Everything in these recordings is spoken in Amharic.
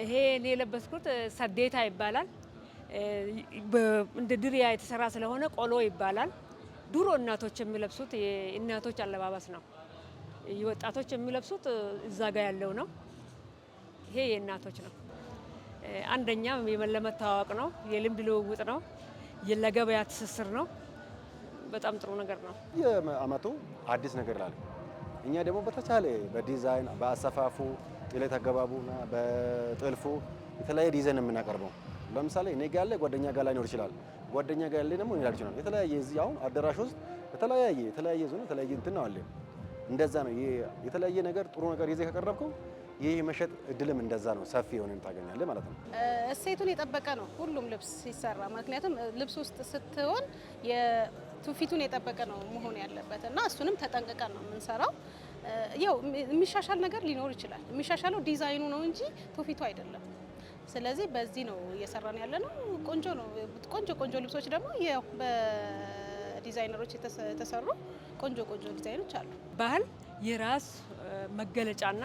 ይሄ እኔ የለበስኩት ሰዴታ ይባላል። እንደ ድሪያ የተሰራ ስለሆነ ቆሎ ይባላል። ድሮ እናቶች የሚለብሱት የእናቶች አለባበስ ነው። ወጣቶች የሚለብሱት እዛ ጋ ያለው ነው። ይሄ የእናቶች ነው። አንደኛ ለመተዋወቅ ነው፣ የልምድ ልውውጥ ነው፣ ለገበያ ትስስር ነው። በጣም ጥሩ ነገር ነው። የአመቱ አዲስ ነገር ላለ እኛ ደግሞ በተቻለ በዲዛይን በአሰፋፉ አገባቡ እና በጥልፉ የተለያየ ዲዛይን የምናቀርበው ለምሳሌ እኔ ጋር ያለ ጓደኛ ጋር ላይኖር ይችላል። ጓደኛ ጋር ያለ ደግሞ ሊኖር ይችላል። የተለያየ እዚህ አሁን አዳራሽ ውስጥ የተለያየ የተለያየ ዞን የተለያየ እንትን ነው አለ። እንደዛ ነው። የተለያየ ነገር ጥሩ ነገር ይዘህ ካቀረብከው ይህ መሸጥ እድልም እንደዛ ነው። ሰፊ የሆነ ታገኛለ ማለት ነው። እሴቱን የጠበቀ ነው ሁሉም ልብስ ሲሰራ። ምክንያቱም ልብስ ውስጥ ስትሆን የትውፊቱን የጠበቀ ነው መሆን ያለበት እና እሱንም ተጠንቅቀን ነው የምንሰራው። ያው የሚሻሻል ነገር ሊኖር ይችላል። የሚሻሻለው ዲዛይኑ ነው እንጂ ትውፊቱ አይደለም። ስለዚህ በዚህ ነው እየሰራን ያለ ነው። ቆንጆ ነው። ቆንጆ ቆንጆ ልብሶች ደግሞ በዲዛይነሮች የተሰሩ ቆንጆ ቆንጆ ዲዛይኖች አሉ። ባህል የራስ መገለጫና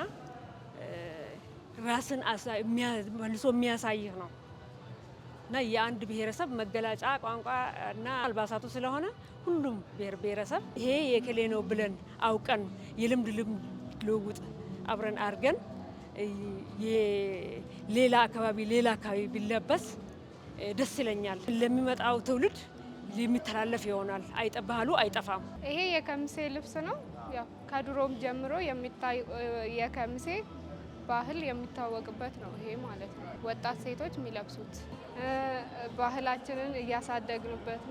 ራስን መልሶ የሚያሳይህ ነው። እና የአንድ ብሔረሰብ መገለጫ ቋንቋ እና አልባሳቱ ስለሆነ ሁሉም ብሔር ብሔረሰብ ይሄ የክሌ ነው ብለን አውቀን የልምድ ልምድ ልውውጥ አብረን አድርገን ሌላ አካባቢ ሌላ አካባቢ ቢለበስ ደስ ይለኛል። ለሚመጣው ትውልድ የሚተላለፍ ይሆናል። ባህሉ አይጠፋም። ይሄ የከሚሴ ልብስ ነው። ከድሮም ጀምሮ የሚታይ የከሚሴ ባህል የሚታወቅበት ነው ይሄ ማለት ነው። ወጣት ሴቶች የሚለብሱት ባህላችንን እያሳደግንበት ነው።